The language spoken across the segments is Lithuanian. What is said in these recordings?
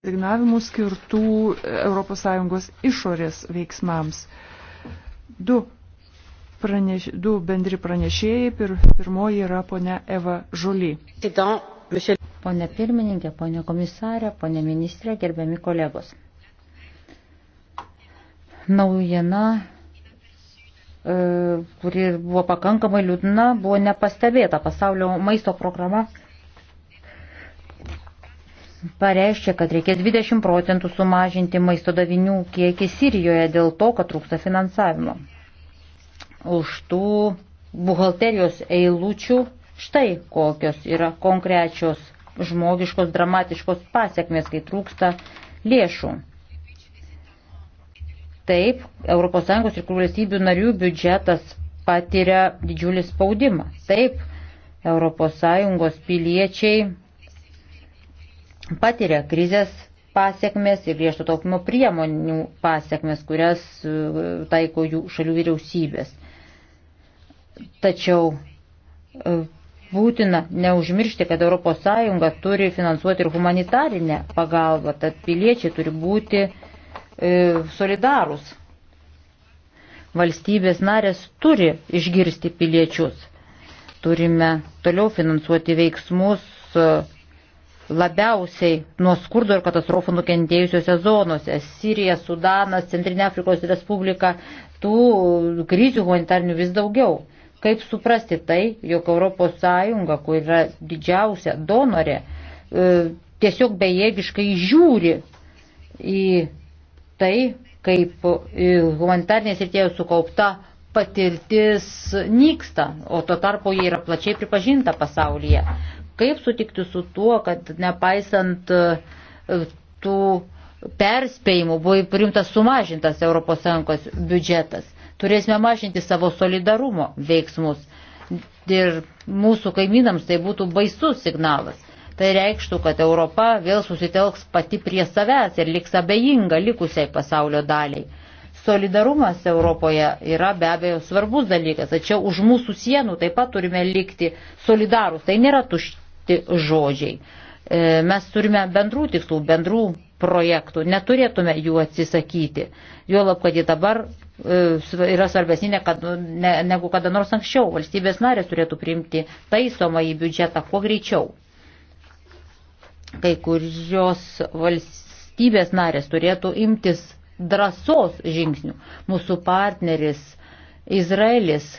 signavimų skirtų ES išorės veiksmams. Du, praneš, du bendri pranešėjai, pir, pirmoji yra ponia Eva Žuly. Pone pirmininkė, pone komisarė, pone ministrė, gerbiami kolegos. Naujiena, e, kuri buvo pakankamai liūdna, buvo nepastebėta pasaulio maisto programa pareiškia, kad reikės 20 procentų sumažinti maisto davinių kiekį Sirijoje dėl to, kad trūksta finansavimo. Už tų buhalterijos eilučių štai kokios yra konkrečios žmogiškos dramatiškos pasiekmes, kai trūksta lėšų. Taip, ES ir valstybių narių biudžetas patiria didžiulį spaudimą. Taip, ES piliečiai patiria krizės pasiekmes ir griežto taupimo priemonių pasiekmes, kurias e, taiko jų šalių vyriausybės. Tačiau e, būtina neužmiršti, kad ES turi finansuoti ir humanitarinę pagalbą, tad piliečiai turi būti e, solidarūs. Valstybės narės turi išgirsti piliečius. Turime toliau finansuoti veiksmus labiausiai nuo skurdo ir katastrofų nukentėjusiose zonose - Sirija, Sudanas, Centrinė Afrikos Respublika, tų krizių humanitarnių vis daugiau. Kaip suprasti tai, jog ES, kur yra didžiausia donorė, e, tiesiog bejėgiškai žiūri į tai, kaip humanitarnės ir tie sukaupta patirtis nyksta, o tuo tarpu jie yra plačiai pripažinta pasaulyje. Kaip sutikti su tuo, kad nepaisant e, tų perspėjimų buvo primtas sumažintas ES biudžetas. Turėsime mažinti savo solidarumo veiksmus. Ir mūsų kaimynams tai būtų baisus signalas. Tai reikštų, kad Europa vėl susitelks pati prie savęs ir liks abejinga likusiai pasaulio daliai. Solidarumas Europoje yra be abejo svarbus dalykas, tačiau už mūsų sienų taip pat turime likti solidarus. Tai nėra tuš, tušti žodžiai. E, mes turime bendrų tikslų, bendrų projektų, neturėtume jų atsisakyti. Juolab, kad jie dabar e, yra svarbesnė nu, ne, negu kada nors anksčiau. Valstybės narės turėtų priimti taisomą į biudžetą kuo greičiau. Kai kurios valstybės narės turėtų imtis drąsos žingsnių. Mūsų partneris Izraelis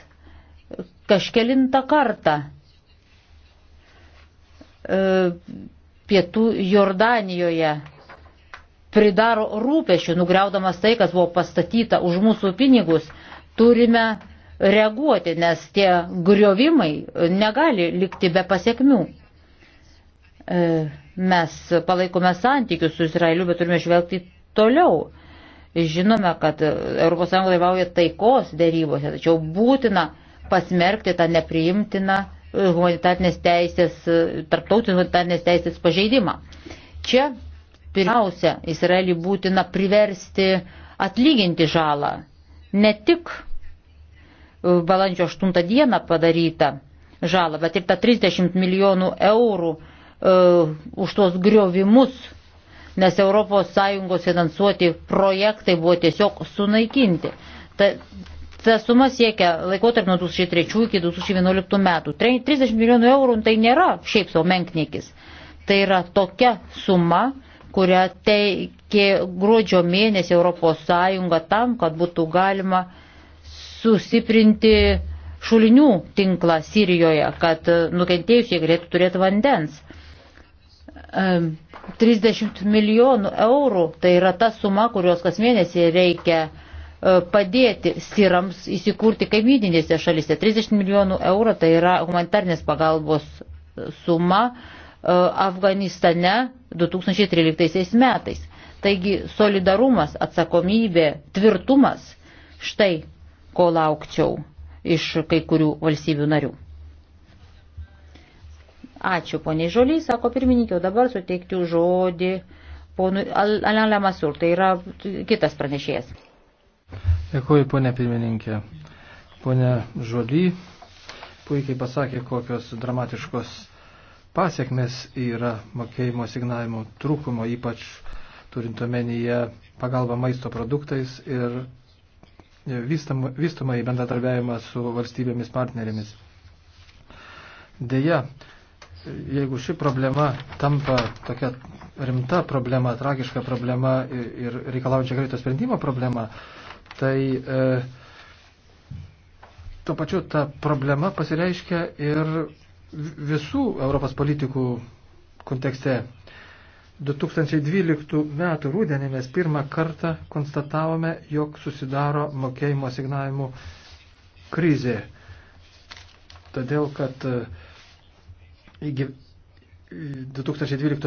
kažkelintą kartą E, pietų Jordanijoje pridaro rūpešių, nugriaudamas tai, kas buvo pastatyta už mūsų pinigus, turime reaguoti, nes tie griovimai negali likti be pasiekmių. E, mes palaikome santykius su Izraeliu, bet turime žvelgti toliau. Žinome, kad ES dalyvauja taikos dėrybose, tačiau būtina pasmerkti tą nepriimtiną humanitarnės teisės, tarptautinės humanitarnės teisės pažeidimą. Čia pirmiausia, Izraelį būtina priversti atlyginti žalą. Ne tik e, balandžio 8 dieną padarytą žalą, bet ir tą 30 milijonų eurų uh, už tuos griovimus, nes ES finansuoti projektai buvo tiesiog sunaikinti. Ta, Ta suma siekia laikotarp nuo 2003 iki 2011 metų. 30 milijonų eurų nu tai nėra šiaip savo menkniekis. Tai yra tokia suma, kurią teikė gruodžio mėnesį ES tam, kad būtų galima susiprinti šulinių tinklą Sirijoje, kad nukentėjusiai galėtų turėti vandens. 30 milijonų eurų tai yra ta suma, kurios kas mėnesį reikia E, padėti sirams įsikurti kaimyninėse šalise. 30 milijonų eurų tai yra humanitarnės pagalbos suma e, Afganistane 2013 metais. Taigi solidarumas, atsakomybė, tvirtumas, štai ko laukčiau iš kai kurių valstybių narių. Ačiū, poniai Žoliai, sako pirmininkė, o dabar suteikti žodį ponui Alenle Masur, tai yra kitas pranešėjas. Dėkuoju, ponė pirmininkė. Pone Žuoly puikiai pasakė, kokios dramatiškos pasiekmes yra mokėjimo signavimo trūkumo, ypač turint omenyje pagalbą maisto produktais ir vystamą į bendradarbiavimą su valstybėmis partnerėmis. Deja, jeigu ši problema tampa tokia rimta problema, tragiška problema ir reikalaujančia greito sprendimo problema, tai e, tuo pačiu ta problema pasireiškia ir visų Europos politikų kontekste. 2012 metų rūdienį mes pirmą kartą konstatavome, jog susidaro mokėjimo signavimų krizė. Todėl, kad 2012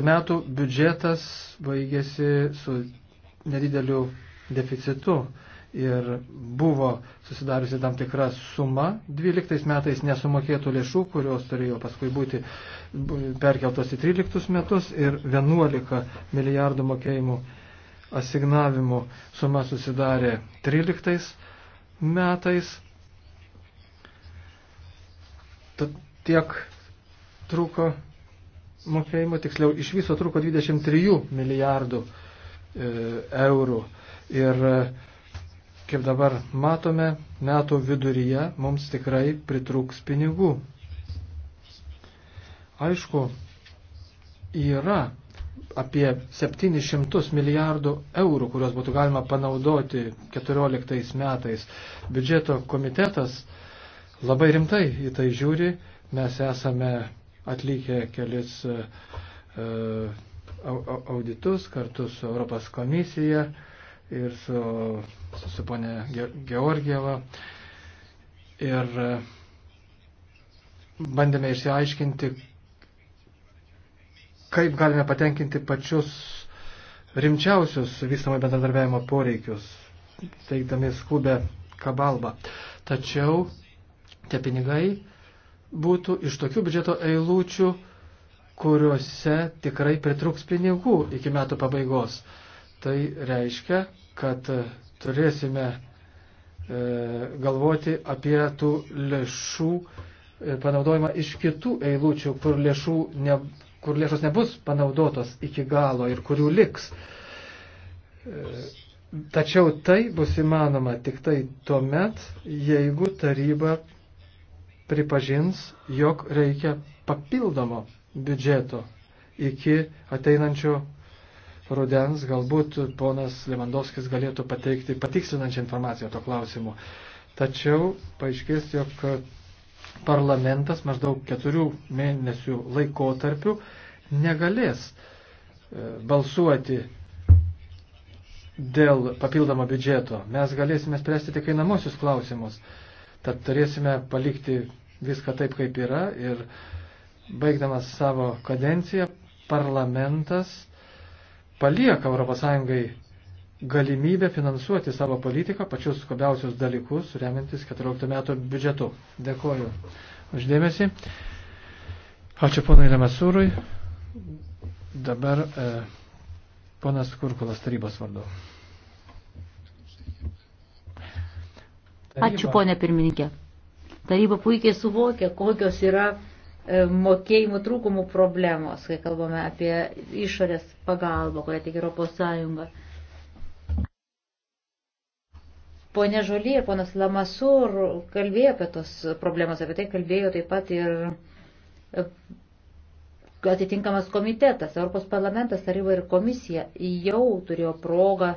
e, metų biudžetas baigėsi su nedideliu deficitu ir buvo susidariusi tam tikra suma 12 metais nesumokėtų lėšų, kurios turėjo paskui būti perkeltos į 13 metus ir 11 milijardų mokėjimų asignavimų suma susidarė 13 metais. Tad tiek truko mokėjimo, tiksliau iš viso truko 23 milijardų e, eurų. Ir e, kaip dabar matome, metų viduryje mums tikrai pritrūks pinigų. Aišku, yra apie 700 milijardų eurų, kuriuos būtų galima panaudoti 14 metais. Biudžeto komitetas labai rimtai į tai žiūri. Mes esame atlikę kelis e, auditus kartu su Europos komisija ir su, su, su ponė Georgieva. Ir e, bandėme išsiaiškinti, kaip galime patenkinti pačius rimčiausius vystamo bendradarbiavimo poreikius, teikdami skubę kabalbą. Tačiau tie pinigai būtų iš tokių biudžeto eilučių, kuriuose tikrai pritruks pinigų iki metų pabaigos. Tai reiškia, kad turėsime e, galvoti apie tų lėšų e, panaudojimą iš kitų eilučių, kur, lėšų ne, kur lėšos nebus panaudotos iki galo ir kurių liks. E, Tačiau tai bus įmanoma tik tai tuo met, jeigu taryba pripažins, jog reikia papildomo biudžeto iki ateinančio rudens, galbūt ponas Limandovskis galėtų pateikti patikslinančią informaciją to klausimu. Tačiau paaiškės, jog parlamentas maždaug keturių mėnesių laikotarpių negalės e, balsuoti dėl papildomo biudžeto. Mes galėsime spręsti tik einamosius klausimus. Tad turėsime palikti viską taip, kaip yra ir baigdamas savo kadenciją parlamentas palieka ES galimybę finansuoti savo politiką, pačius skubiausius dalykus, remiantis 14 metų biudžetu. Dėkuoju uždėmesi. Ačiū ponai Lemasūrui. Dabar e, ponas Kurkulas tarybos vardu. Taryba. Ačiū ponė pirmininkė. Taryba puikiai suvokia, kokios yra E, mokėjimų trūkumų problemos, kai kalbame apie išorės pagalbą, kurią tik Europos Sąjunga. Pone Žolį ir ponas Lamasur kalbėjo apie tos problemas, apie tai kalbėjo taip pat ir e, atitinkamas komitetas, Europos parlamentas, taryba ir komisija jau turėjo progą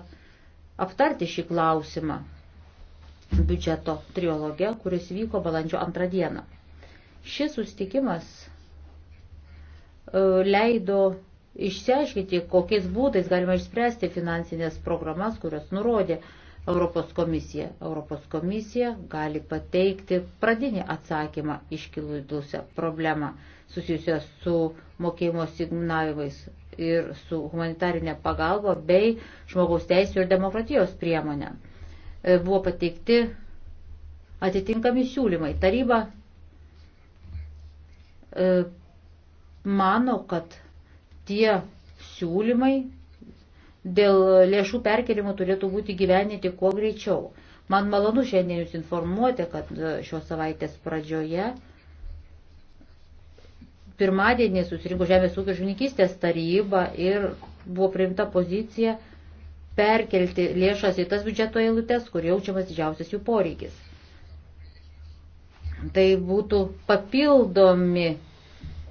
aptarti šį klausimą biudžeto triologe, kuris vyko balandžio antrą dieną. Šis sustikimas e, leido išsiaiškinti, kokiais būdais galima išspręsti finansinės programas, kurios nurodė Europos komisija. Europos komisija gali pateikti pradinį atsakymą iškilusią problemą susijusią su mokėjimo signavimais ir su humanitarinė pagalba bei žmogaus teisų ir demokratijos priemonė. E, buvo pateikti atitinkami siūlymai. Taryba E, mano, kad tie siūlymai dėl lėšų perkelimo turėtų būti gyveninti kuo greičiau. Man malonu šiandien jūs informuoti, kad e, šios savaitės pradžioje pirmadienį susirinko Žemės ūkio žuvininkystės taryba ir buvo priimta pozicija perkelti lėšas į tas biudžeto eilutes, kur jaučiamas didžiausias jų poreikis. Tai būtų papildomi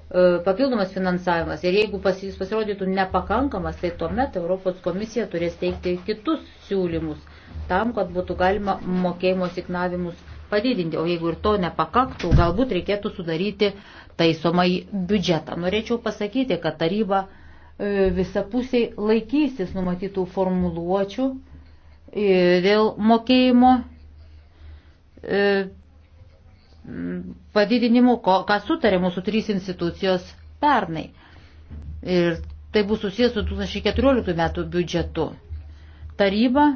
E, papildomas finansavimas ir jeigu pas jis pasirodytų nepakankamas, tai tuomet Europos komisija turės teikti kitus siūlymus tam, kad būtų galima mokėjimo signavimus padidinti. O jeigu ir to nepakaktų, galbūt reikėtų sudaryti taisomai biudžetą. Norėčiau pasakyti, kad taryba e, visapusiai laikysis numatytų formuluočių e, dėl mokėjimo padidinimu, ką sutarė mūsų trys institucijos pernai. Ir tai bus susijęs su 2014 metų biudžetu. Taryba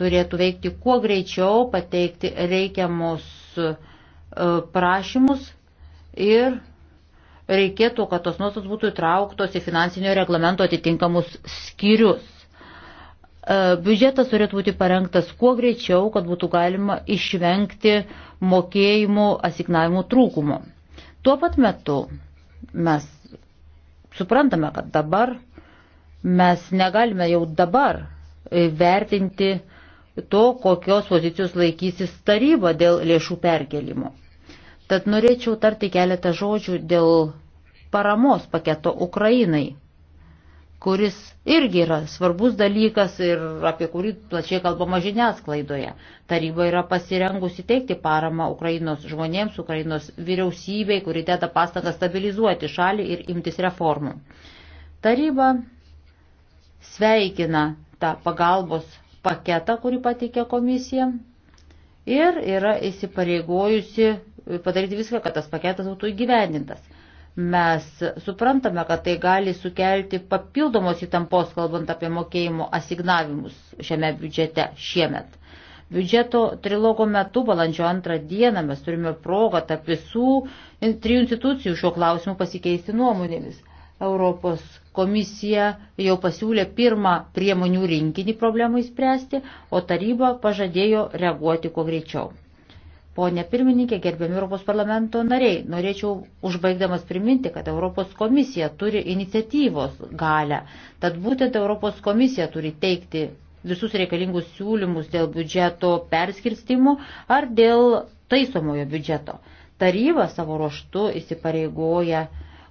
turėtų veikti kuo greičiau, pateikti reikiamus e, prašymus ir reikėtų, kad tos nuostatos būtų įtrauktos į finansinio reglamento atitinkamus skyrius. E, biudžetas turėtų būti parengtas kuo greičiau, kad būtų galima išvengti mokėjimų asignavimų trūkumų. Tuo pat metu mes suprantame, kad dabar mes negalime jau dabar e, vertinti to, kokios pozicijos laikysis taryba dėl lėšų perkelimo. Tad norėčiau tarti keletą žodžių dėl paramos paketo Ukrainai kuris irgi yra svarbus dalykas ir apie kurį plačiai kalbama žiniasklaidoje. Taryba yra pasirengusi teikti paramą Ukrainos žmonėms, Ukrainos vyriausybei, kuri deda pastangą stabilizuoti šalį ir imtis reformų. Taryba sveikina tą pagalbos paketą, kurį pateikė komisija ir yra įsipareigojusi padaryti viską, kad tas paketas būtų įgyvendintas. Mes suprantame, kad tai gali sukelti papildomos įtampos, kalbant apie mokėjimo asignavimus šiame biudžete šiemet. Biudžeto trilogo metu, balandžio antrą dieną, mes turime progą tarp visų trijų institucijų šiuo klausimu pasikeisti nuomonėmis. Europos komisija jau pasiūlė pirmą priemonių rinkinį problemai spręsti, o taryba pažadėjo reaguoti kuo greičiau. Pone pirmininkė, gerbiami Europos parlamento nariai, norėčiau užbaigdamas priminti, kad Europos komisija turi iniciatyvos galę. Tad būtent Europos komisija turi teikti visus reikalingus siūlymus dėl biudžeto perskirstimų ar dėl taisomojo biudžeto. Taryba savo ruoštu įsipareigoja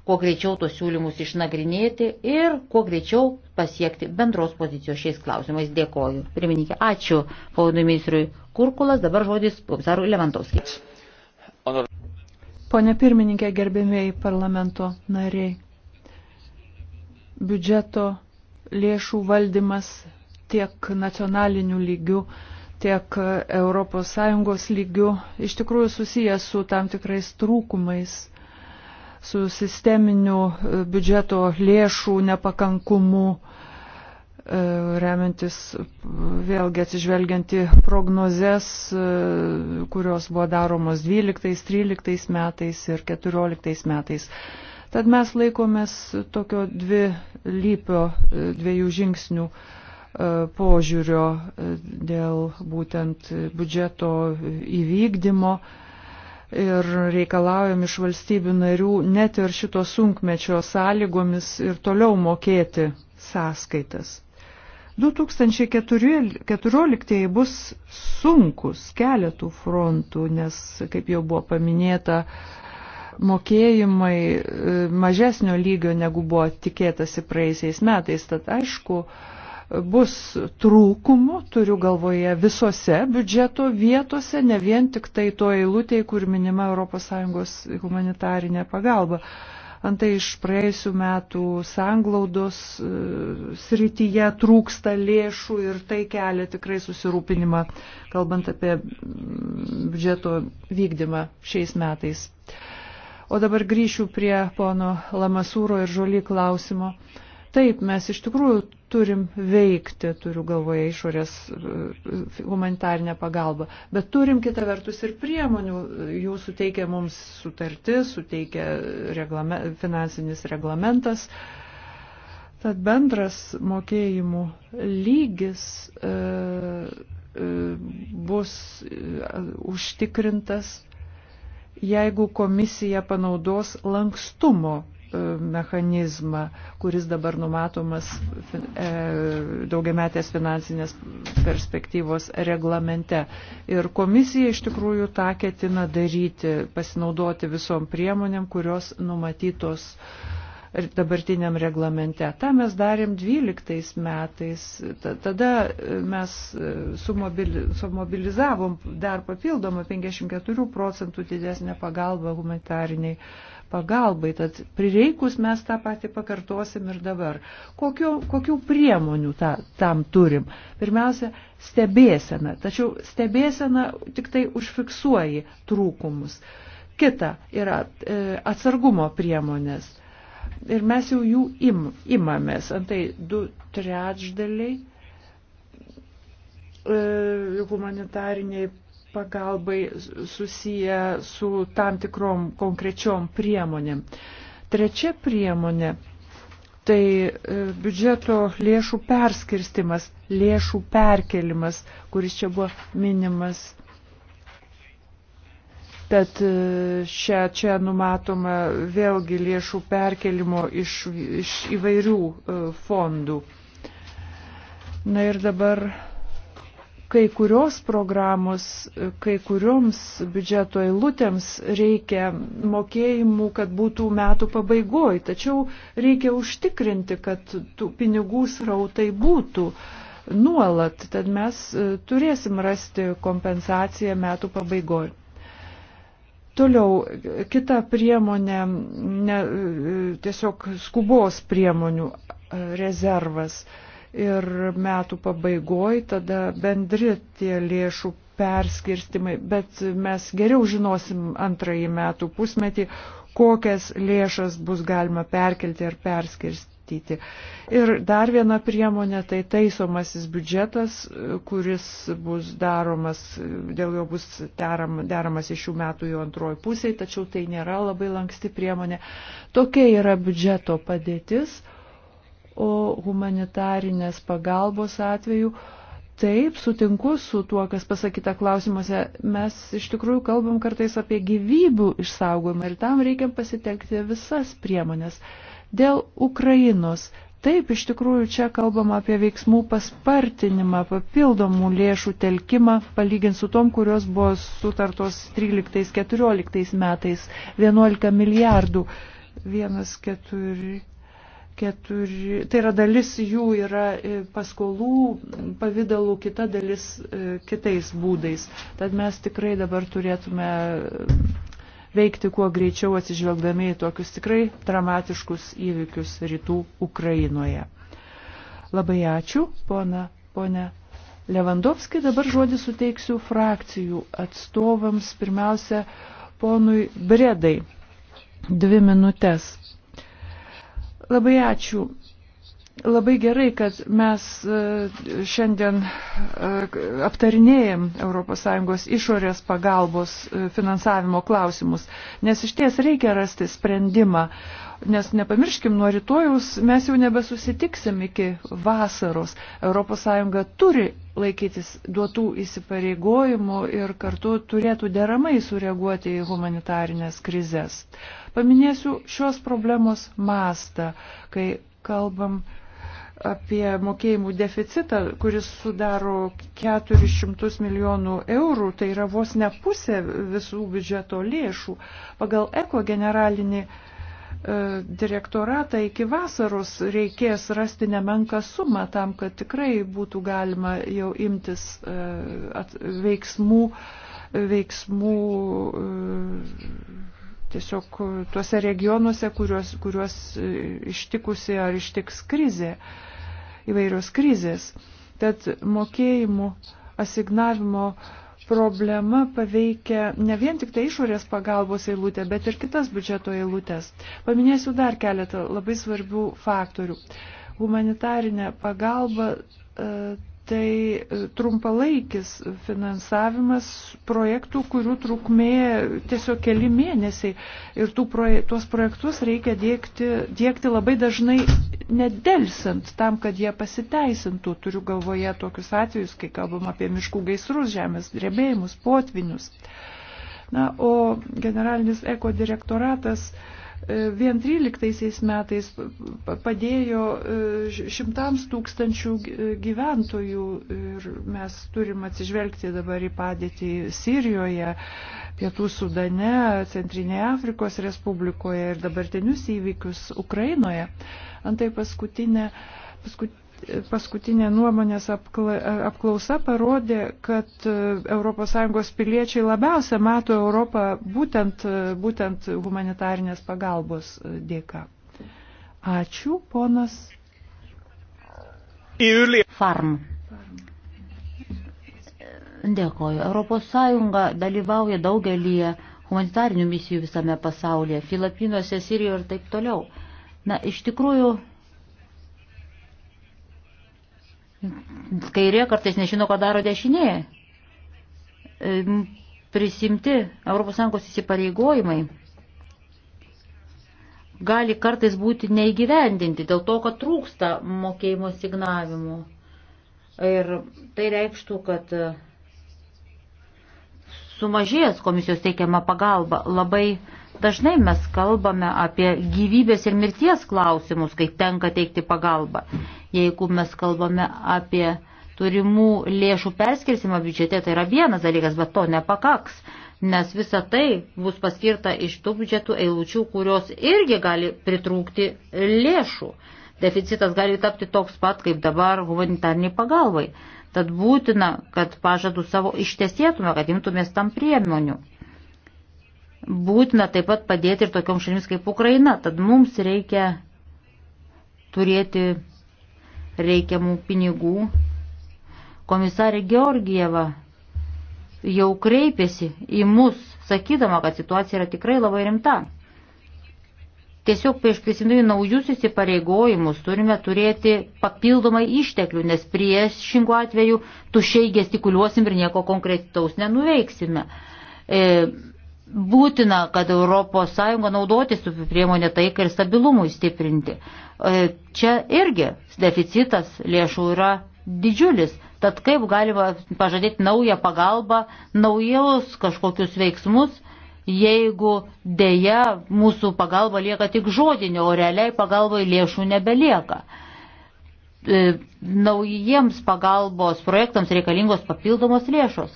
kuo greičiau tos siūlymus išnagrinėti ir kuo greičiau pasiekti bendros pozicijos šiais klausimais. Dėkoju. Pirmininkė, ačiū ponui ministrui Kurkulas, dabar žodis komisarui Levantovskiai. Pone pirmininkė, gerbėmėjai parlamento nariai, biudžeto lėšų valdymas tiek nacionaliniu lygiu, tiek ES lygiu iš tikrųjų susijęs su tam tikrais trūkumais su sisteminiu e, biudžeto lėšų nepakankumu, e, remiantis vėlgi atsižvelgianti prognozes, e, kurios buvo daromos 12, 13 metais ir 14 metais. Tad mes laikomės tokio dvi lypio, dviejų žingsnių požiūrio dėl būtent biudžeto įvykdymo ir reikalaujam iš valstybių narių net ir šito sunkmečio sąlygomis ir toliau mokėti sąskaitas. 2014 bus sunkus keletų frontų, nes, kaip jau buvo paminėta, mokėjimai e, mažesnio lygio negu buvo tikėtasi praeisiais metais. Tad aišku, bus trūkumų, turiu galvoje visose biudžeto vietose, ne vien tik tai to eilutėje, kur minima ES humanitarinė pagalba. Antai iš praėjusių metų sanglaudos e, srityje trūksta lėšų ir tai kelia tikrai susirūpinimą, kalbant apie mm, biudžeto vykdymą šiais metais. O dabar grįšiu prie pono Lamasūro ir Žolį klausimo. Taip, mes iš tikrųjų turim veikti, turiu galvoje išorės e, humanitarinę pagalbą, bet turim kitą vertus ir priemonių, jų suteikia mums sutartis, suteikia reglame, finansinis reglamentas. Tad bendras mokėjimų lygis e, e, bus e, užtikrintas, jeigu komisija panaudos lankstumo mechanizmą, kuris dabar numatomas e, daugiametės finansinės perspektyvos reglamente. Ir komisija iš tikrųjų tą ketina daryti, pasinaudoti visom priemonėm, kurios numatytos uh, dabartiniam reglamente. Ta mes darėm 12 metais. Tada mes e, sumobilizavom dar papildomą 54 procentų didesnę pagalbą humanitariniai pagalbai. Tad prireikus mes tą patį pakartosim ir dabar. Kokio, kokių priemonių ta, tam turim? Pirmiausia, stebėsena. Tačiau stebėsena tik tai užfiksuoji trūkumus. Kita yra e, atsargumo priemonės ir mes jau jų im, imamės. Antai du trečdaliai e, humanitariniai pagalbai susiję su tam tikrom konkrečiom priemonėm. Trečia priemonė tai e, biudžeto lėšų perskirstimas, lėšų perkelimas, kuris čia buvo minimas Tad čia, e, čia numatoma vėlgi lėšų perkelimo iš, iš įvairių e, fondų. Na ir dabar kai kurios programos, e, kai kurioms biudžeto eilutėms reikia mokėjimų, kad būtų metų pabaigoj, tačiau reikia užtikrinti, kad tų pinigų srautai būtų nuolat, tad mes turėsim rasti kompensaciją metų pabaigoj. Toliau, kita priemonė, ne, tiesiog skubos priemonių e, rezervas ir metų pabaigoj tada bendri tie lėšų perskirstimai, bet mes geriau žinosim antrąjį metų pusmetį, kokias lėšas bus galima perkelti ar perskirstyti numatyti. Ir dar viena priemonė tai taisomasis biudžetas, kuris bus daromas, dėl jo bus deram, deramas iš šių metų jau antroji pusė, tačiau tai nėra labai lanksti priemonė. Tokia yra biudžeto padėtis, o humanitarinės pagalbos atveju. Taip, sutinku su tuo, kas pasakyta klausimuose. Mes iš tikrųjų kalbam kartais apie gyvybių išsaugojimą ir tam reikia pasitelkti visas priemonės. Dėl Ukrainos. Taip, iš tikrųjų, čia kalbama apie veiksmų paspartinimą, papildomų lėšų telkimą, palygint su tom, kurios buvo sutartos 13-14 metais 11 milijardų. 1, 4, 4, tai yra dalis jų yra e, paskolų pavydalų, kita dalis e, kitais būdais. Tad mes tikrai dabar turėtume veikti kuo greičiau atsižvelgdami į tokius tikrai dramatiškus įvykius rytų Ukrainoje. Labai ačiū, pona, pone Levandovski. Dabar žodį suteiksiu frakcijų atstovams. Pirmiausia, ponui Bredai. Dvi minutės. Labai ačiū. Labai gerai, kad mes e, šiandien e, aptarinėjom ES išorės pagalbos e, finansavimo klausimus, nes iš ties reikia rasti sprendimą, nes nepamirškim, nuo rytojus mes jau nebesusitiksim iki vasaros. ES turi laikytis duotų įsipareigojimų ir kartu turėtų deramai sureaguoti į humanitarinės krizės. Paminėsiu šios problemos mastą, kai kalbam apie mokėjimų deficitą, kuris sudaro 400 milijonų eurų, tai yra vos ne pusė visų biudžeto lėšų. Pagal eko generalinį e, direktoratą iki vasaros reikės rasti nemenką sumą tam, kad tikrai būtų galima jau imtis e, veiksmų, veiksmų e, tiesiog tuose regionuose, kuriuos, kuriuos e, ištikusi ar ištiks krizė, įvairios krizės. Tad mokėjimų asignavimo problema paveikia ne vien tik tai išorės pagalbos eilutę, bet ir kitas biudžeto eilutės. Paminėsiu dar keletą labai svarbių faktorių. Humanitarinė pagalba e, tai trumpalaikis finansavimas projektų, kurių trukmė tiesiog keli mėnesiai. Ir proje, tuos projektus reikia dėkti, dėkti labai dažnai nedelsant tam, kad jie pasiteisintų. Turiu galvoje tokius atvejus, kai kalbam apie miškų gaisrus, žemės drebėjimus, potvinius. Na, o generalinis eko direktoratas uh, E, vien 13 metais padėjo e, šimtams tūkstančių e, gyventojų ir mes turim atsižvelgti dabar į padėtį Sirijoje, Pietų Sudane, Centrinėje Afrikos Respublikoje ir dabartinius įvykius Ukrainoje. Antai paskutinė, paskut, paskutinė nuomonės apklausa parodė, kad ES piliečiai labiausia mato Europą būtent, e, būtent humanitarinės pagalbos e, dėka. Ačiū, ponas. Farm. Dėkoju. ES dalyvauja daugelį humanitarinių misijų visame pasaulyje, Filipinuose, Sirijoje ir taip toliau. Na, iš tikrųjų, kairė kartais nežino, ką daro dešinė. E, prisimti ES įsipareigojimai gali kartais būti neįgyvendinti dėl to, kad trūksta mokėjimo signavimų. Ir tai reikštų, kad sumažės komisijos teikiama pagalba labai Dažnai mes kalbame apie gyvybės ir mirties klausimus, kai tenka teikti pagalbą. Jeigu mes kalbame apie turimų lėšų perskirsimą biudžete, tai yra vienas dalykas, bet to nepakaks, nes visa tai bus paskirta iš tų biudžetų eilučių, kurios irgi gali pritrūkti lėšų. Deficitas gali tapti toks pat, kaip dabar humanitarniai pagalbai. Tad būtina, kad pažadų savo ištesėtume, kad imtumės tam priemonių būtina taip pat padėti ir tokiom šalims kaip Ukraina. Tad mums reikia turėti reikiamų pinigų. Komisarė Georgieva jau kreipėsi į mus, sakydama, kad situacija yra tikrai labai rimta. Tiesiog prieš prisimdami naujus įsipareigojimus turime turėti papildomai išteklių, nes priešingų atveju tušiai gestikuliuosim ir nieko konkretaus nenuveiksime. E, būtina, kad ES naudotis priemonė taikai ir stabilumui stiprinti. E, čia irgi deficitas lėšų yra didžiulis. Tad kaip galima pažadėti naują pagalbą, naujus kažkokius veiksmus, jeigu dėja mūsų pagalba lieka tik žodinio, o realiai pagalbai lėšų nebelieka. E, naujiems pagalbos projektams reikalingos papildomos lėšos.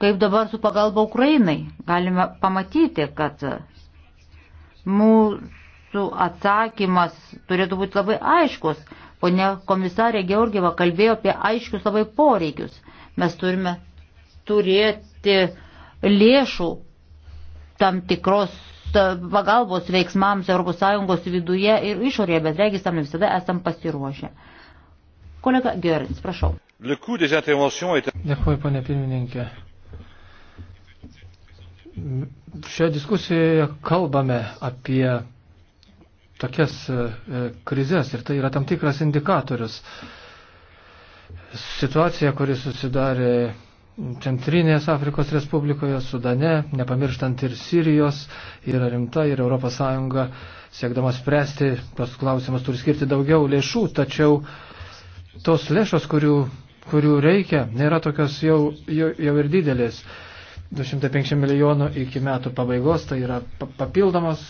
Kaip dabar su pagalba Ukrainai galime pamatyti, kad mūsų atsakymas turėtų būti labai aiškus. Pone komisarė Georgieva kalbėjo apie aiškius labai poreikius. Mes turime turėti lėšų tam tikros e, pagalbos veiksmams ES viduje ir išorėje, bet regis tam ne visada esam pasiruošę. Kolega Gerins, prašau. Dėkui, ponė pirmininkė. Šioje diskusijoje kalbame apie tokias e, krizės ir tai yra tam tikras indikatorius. Situacija, kuri susidarė Centrinės Afrikos Respublikoje, Sudane, nepamirštant ir Sirijos, yra rimta ir ES siekdama spręsti tos klausimus turi skirti daugiau lėšų, tačiau tos lėšos, kurių, kurių reikia, nėra tokios jau, jau, jau ir didelės. 250 milijonų iki metų pabaigos, tai yra papildomos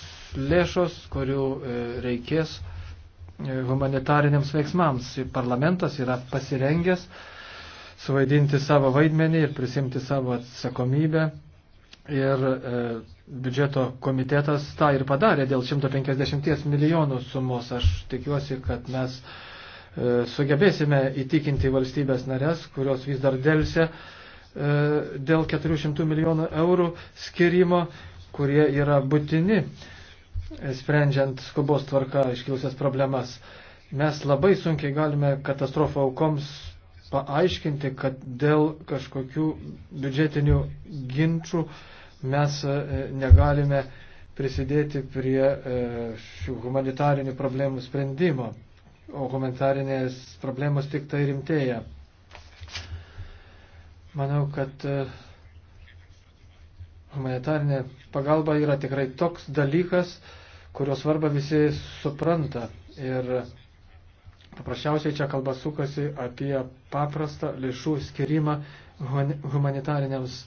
lėšos, kurių e, reikės e, humanitariniams veiksmams. Parlamentas yra pasirengęs suvaidinti savo vaidmenį ir prisimti savo atsakomybę. Ir e, biudžeto komitetas tą ir padarė dėl 150 milijonų sumos. Aš tikiuosi, kad mes e, sugebėsime įtikinti valstybės narės, kurios vis dar dėlse e, E, dėl 400 milijonų eurų skirimo, kurie yra būtini, e, sprendžiant skubos tvarka iškilusias problemas. Mes labai sunkiai galime katastrofą aukoms paaiškinti, kad dėl kažkokių biudžetinių ginčių mes e, negalime prisidėti prie šių humanitarinių problemų sprendimo, o humanitarinės problemos tik tai rimtėja. Manau, kad e, humanitarinė pagalba yra tikrai toks dalykas, kurio svarba visi supranta. Ir paprasčiausiai čia kalba sukasi apie paprastą lėšų skirimą humanitariniams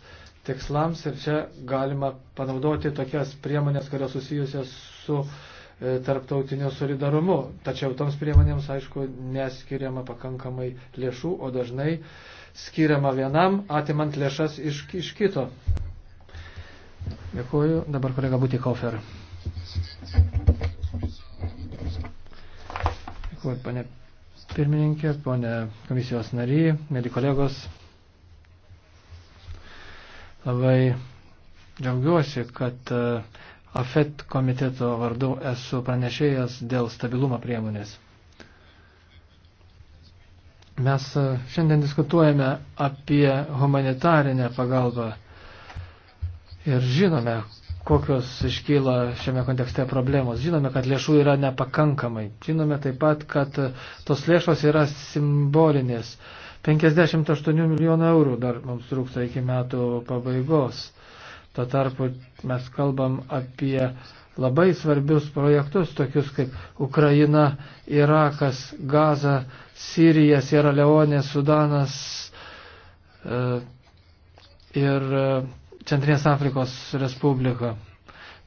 tikslams ir čia galima panaudoti tokias priemonės, kurios susijusios su e, tarptautiniu solidarumu. Tačiau toms priemonėms, aišku, neskiriama pakankamai lėšų, o dažnai uh, skiriama vienam, atimant lėšas iš, iš kito. Dėkuoju. Dabar kolega Butikofer. Dėkuoju, pane pirmininkė, pane komisijos nary, mėly kolegos. Labai džiaugiuosi, kad e, AFET komiteto vardu esu pranešėjęs dėl stabilumo priemonės. Mes e, šiandien diskutuojame apie humanitarinę pagalbą ir žinome, kokios iškyla šiame kontekste problemos. Žinome, kad lėšų yra nepakankamai. Žinome taip pat, kad tos lėšos yra simbolinės. 58 milijonų eurų dar mums trūksta iki metų pabaigos. Tuo tarpu mes kalbam apie labai svarbius projektus, tokius kaip Ukraina, Irakas, Gaza, Sirija, Sierra Leone, Sudanas e, ir e, Centrinės Afrikos Respublika.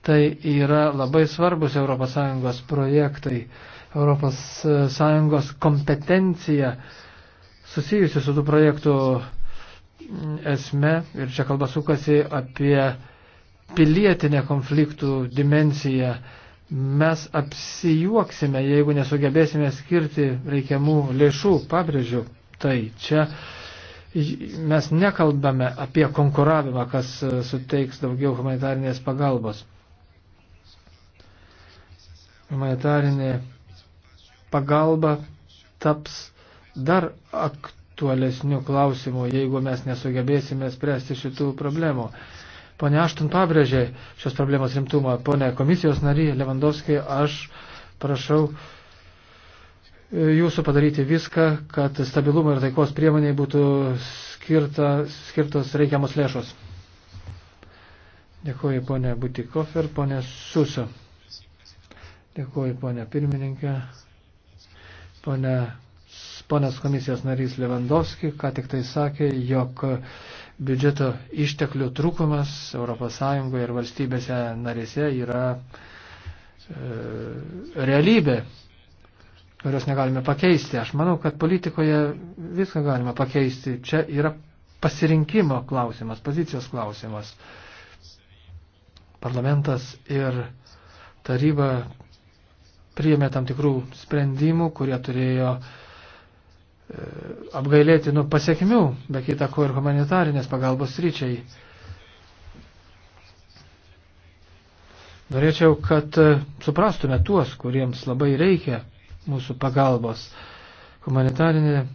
Tai yra labai svarbus ES projektai, ES kompetencija susijusi su tų projektų esme ir čia kalba sukasi apie pilietinę konfliktų dimenciją. Mes apsijuoksime, jeigu nesugebėsime skirti reikiamų lėšų, pabrėžiu. Tai čia mes nekalbame apie konkuravimą, kas suteiks daugiau humanitarinės pagalbos. Humanitarinė pagalba taps dar aktualesnių klausimų, jeigu mes nesugebėsime spręsti šitų problemų. Pone Ašton pabrėžė šios problemos rimtumą. Pone komisijos nary Levandovskai, aš prašau e, jūsų padaryti viską, kad stabilumo ir taikos priemoniai būtų skirta, skirtos reikiamos lėšos. Dėkuoju ponė Butikov ir ponė Suso. Dėkuoju ponė pirmininkė, ponė, ponės komisijos narys Levandovski, ką tik tai sakė, jog biudžeto išteklių trūkumas ES ir valstybėse narėse yra e, realybė, kurios negalime pakeisti. Aš manau, kad politikoje viską galima pakeisti. Čia yra pasirinkimo klausimas, pozicijos klausimas. Parlamentas ir taryba priėmė tam tikrų sprendimų, kurie turėjo e, E, apgailėtinų pasiekmių, be kita ko ir humanitarinės pagalbos ryčiai. Norėčiau, kad e, suprastume tuos, kuriems labai reikia mūsų pagalbos. Humanitarinė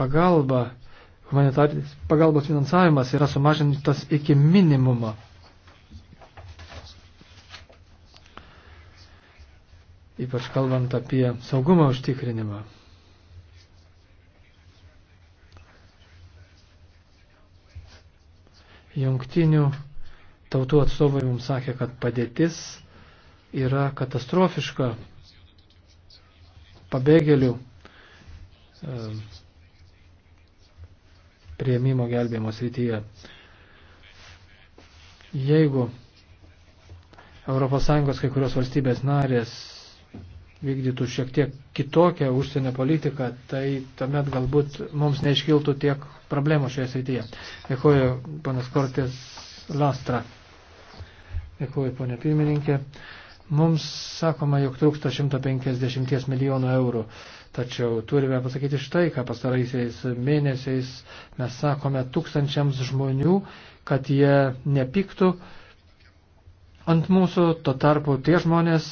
pagalba, humanitarinis pagalbos finansavimas yra sumažintas iki minimumo. ypač kalbant apie saugumo užtikrinimą. Jungtinių tautų atstovai mums sakė, kad padėtis yra katastrofiška pabėgėlių e, prieimimo gelbėjimo srityje. Jeigu ES kai kurios valstybės narės vykdytų šiek tiek kitokią užsienio politiką, tai tuomet galbūt mums neiškiltų tiek problemų šioje srityje. Dėkuoju, panas Kortės Lastra. Dėkuoju, ponė pirmininkė. Mums sakoma, jog trūksta 150 milijonų eurų, tačiau turime pasakyti štai, ką pastaraisiais mėnesiais mes sakome tūkstančiams žmonių, kad jie nepiktų ant mūsų, tuo tarpu tie žmonės,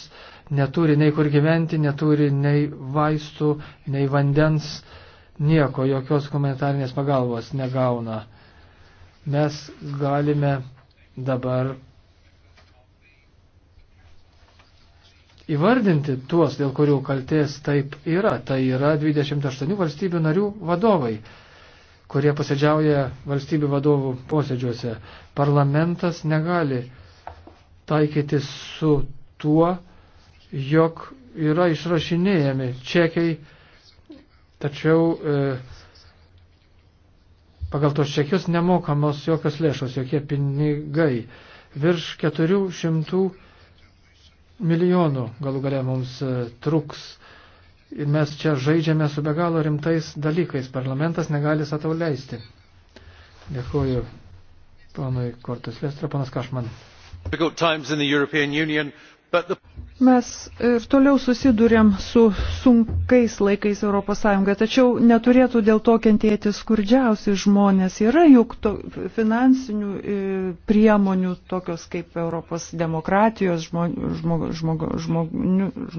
neturi nei kur gyventi, neturi nei vaistų, nei vandens, nieko, jokios humanitarinės pagalbos negauna. Mes galime dabar įvardinti tuos, dėl kurių kalties taip yra. Tai yra 28 valstybių narių vadovai kurie posėdžiauja valstybių vadovų posėdžiuose. Parlamentas negali taikytis su tuo, jog yra išrašinėjami čekiai, tačiau e, pagal tos čekius nemokamos jokios lėšos, jokie pinigai. Virš 400 milijonų galų galia mums e, truks. Ir mes čia žaidžiame su be galo rimtais dalykais. Parlamentas negali satau leisti. Dėkuoju ponui Kortus Lestra, ponas Kašman. Difficult times in the European Union, but the Mes ir toliau susidurėm su sunkais laikais ES, tačiau neturėtų dėl to kentėti skurdžiausi žmonės. Yra juk to, finansinių e, priemonių, tokios kaip Europos demokratijos, žmog, žmog, žmog, žmog,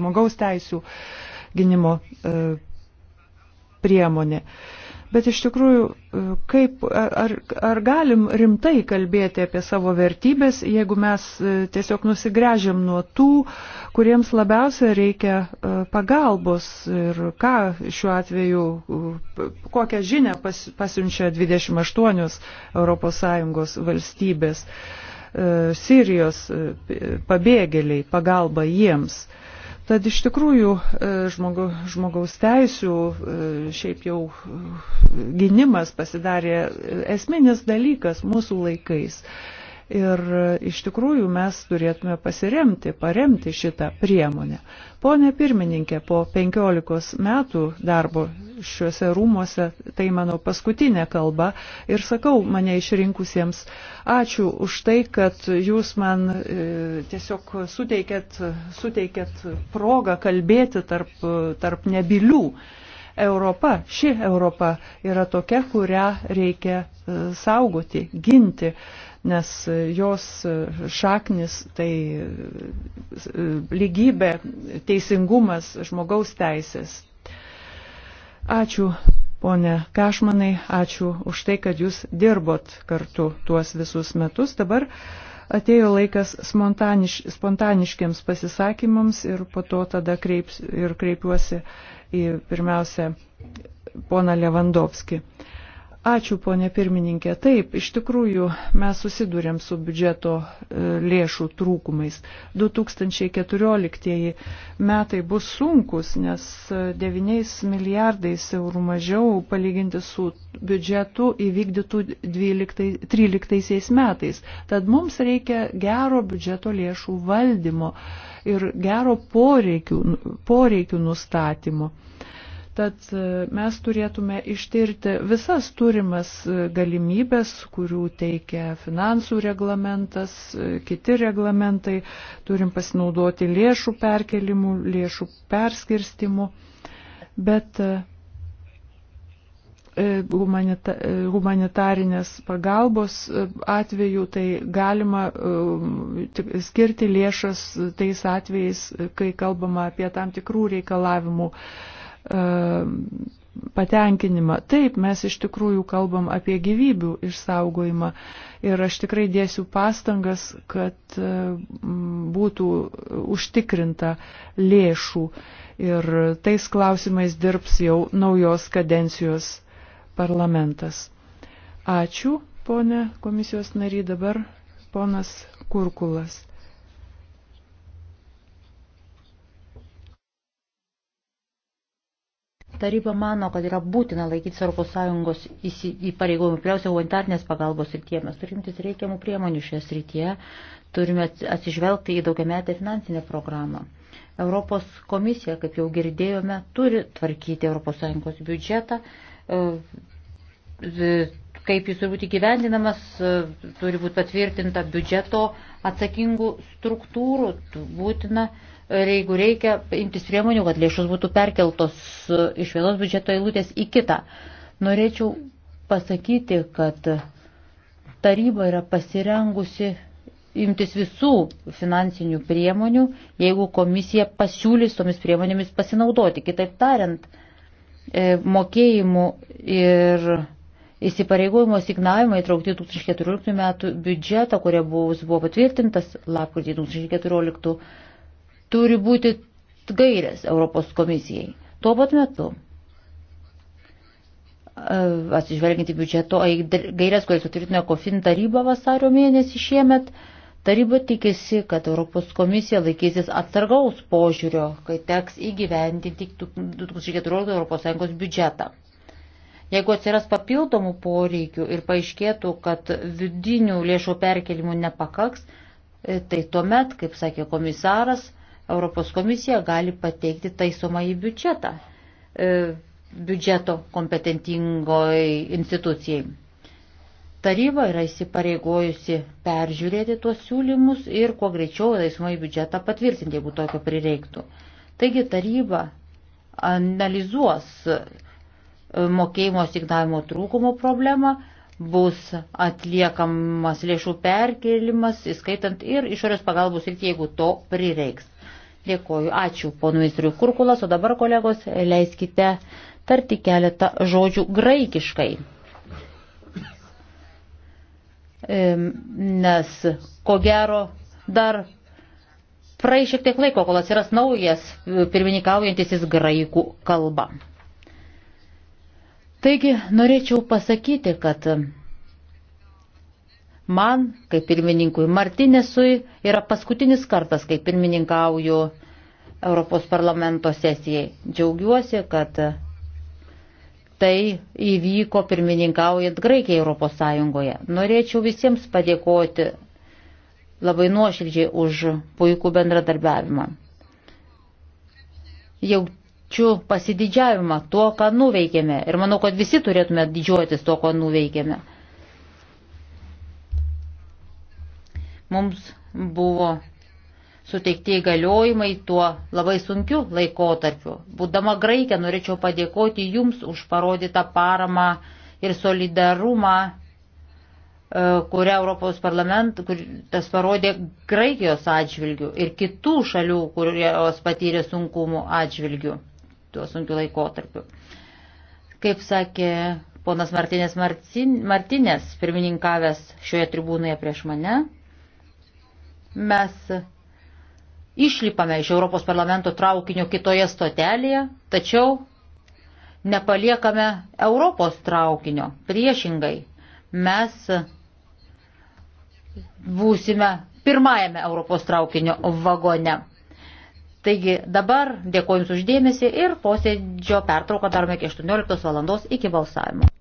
žmogaus teisų gynimo e, priemonė. E, Bet iš tikrųjų, kaip, ar, ar galim rimtai kalbėti apie savo vertybės, jeigu mes e, tiesiog nusigrėžiam nuo tų, kuriems labiausia reikia e, pagalbos ir ką šiuo atveju, e, kokią žinę pas, pasiunčia 28 ES valstybės, Sirijos pabėgėliai, pagalba jiems. Tad iš tikrųjų e, žmogu, žmogaus teisų e, šiaip jau e, gynimas pasidarė esminis dalykas mūsų laikais. Ir iš tikrųjų mes turėtume pasiremti, paremti šitą priemonę. Pone pirmininkė, po 15 metų darbo šiuose rūmuose, tai mano paskutinė kalba ir sakau mane išrinkusiems, ačiū už tai, kad jūs man e, tiesiog suteikėt, suteikėt progą kalbėti tarp, tarp nebilių. Europa, ši Europa yra tokia, kurią reikia e, saugoti, ginti nes jos šaknis tai e, lygybė, teisingumas, žmogaus teisės. Ačiū, ponė Kašmanai, ačiū už tai, kad jūs dirbot kartu tuos visus metus. Dabar atėjo laikas spontaniš, spontaniškiams pasisakymams ir po to tada kreips, ir kreipiuosi į pirmiausia poną Levandovskį. Ačiū, ponė pirmininkė. Taip, iš tikrųjų, mes susidurėm su biudžeto e, lėšų trūkumais. 2014 metai bus sunkus, nes 9 e, milijardais eurų mažiau palyginti su biudžetu įvykdytų 12, 13 metais. Tad mums reikia gero biudžeto lėšų valdymo ir gero poreikių, poreikių nustatymo. Tad e, mes turėtume ištirti visas turimas e, galimybės, kurių teikia finansų reglamentas, e, kiti reglamentai, turim pasinaudoti lėšų perkelimų, lėšų perskirstimų, bet humanita, humanitarinės pagalbos atveju, tai galima skirti lėšas tais atvejais, kai kalbama apie tam tikrų reikalavimų E, patenkinimą. Taip, mes iš tikrųjų kalbam apie gyvybių išsaugojimą ir aš tikrai dėsiu pastangas, kad e, būtų užtikrinta lėšų ir tais klausimais dirbs jau naujos kadencijos parlamentas. Ačiū, ponė komisijos nary, dabar ponas Kurkulas. Taryba mano, kad yra būtina laikytis ES įpareigojimų, pirmiausia, humanitarnės pagalbos srityje. Mes turime imtis reikiamų priemonių šioje srityje, turime atsižvelgti į daugiametę finansinę programą. Europos komisija, kaip jau girdėjome, turi tvarkyti ES biudžetą, e, e, kaip jis turi būti gyvendinamas, e, turi būti patvirtinta biudžeto atsakingų struktūrų, būtina. Uh, jeigu reikia, imtis priemonių, kad lėšus būtų perkeltos e, iš vienos biudžeto eilutės į kitą. Norėčiau pasakyti, kad taryba yra pasirengusi imtis visų finansinių priemonių, jeigu komisija pasiūlys tomis priemonėmis pasinaudoti. Kitaip tariant, e, mokėjimų ir įsipareigojimo signavimai įtraukti 2014 metų biudžetą, kurie bus, buvo patvirtintas lapkritį 2014 turi būti gairės Europos komisijai. Tuo pat metu, e, atsižvelgiant į biudžeto gairės, kurias atvirtino COFIN taryba vasario mėnesį šiemet, taryba tikisi, kad Europos komisija laikysis atsargaus požiūrio, kai teks įgyvendinti 2014 ES biudžetą. Jeigu atsiras papildomų poreikių ir paaiškėtų, kad vidinių lėšų perkelimų nepakaks, e, tai tuomet, kaip sakė komisaras, Europos komisija gali pateikti taisomą į biudžetą, e, biudžeto kompetentingoj institucijai. Taryba yra įsipareigojusi peržiūrėti tuos siūlymus ir kuo greičiau taisomą į biudžetą patvirtinti, jeigu tokio prireiktų. Taigi taryba analizuos e, mokėjimo signavimo trūkumo problemą, bus atliekamas lėšų perkelimas, įskaitant ir išorės pagalbos rytį, jeigu to prireiks. Dėkoju, ačiū ponui ministriui Kurkulas, o dabar kolegos leiskite tarti keletą žodžių graikiškai. Nes ko gero dar praeis šiek tiek laiko, kol atsiras naujas e, pirmininkaujantisis graikų kalba. Taigi norėčiau pasakyti, kad Man, kaip pirmininkui Martinesui, yra paskutinis kartas, kai pirmininkauju Europos parlamento sesijai. Džiaugiuosi, kad tai įvyko pirmininkaujant Graikijai Europos Sąjungoje. Norėčiau visiems padėkoti labai nuoširdžiai už puikų bendradarbiavimą. Jaučiu pasididžiavimą tuo, ką nuveikėme ir manau, kad visi turėtume didžiuotis tuo, ko nuveikėme. mums buvo suteikti įgaliojimai tuo labai sunkiu laikotarpiu. Būdama Graikė norėčiau padėkoti Jums už parodytą paramą ir solidarumą, e, kurią Europos parlamentas kur parodė Graikijos atžvilgių ir kitų šalių, kurios patyrė sunkumų atžvilgių tuo sunkiu laikotarpiu. Kaip sakė ponas Martinės Martin, Martinės, pirmininkavęs šioje tribūnoje prieš mane, mes išlipame iš Europos parlamento traukinio kitoje stotelėje, tačiau nepaliekame Europos traukinio. Priešingai, mes būsime pirmajame Europos traukinio vagone. Taigi dabar dėkoju Jums uždėmesi ir posėdžio pertrauką darome iki 18 valandos iki balsavimo.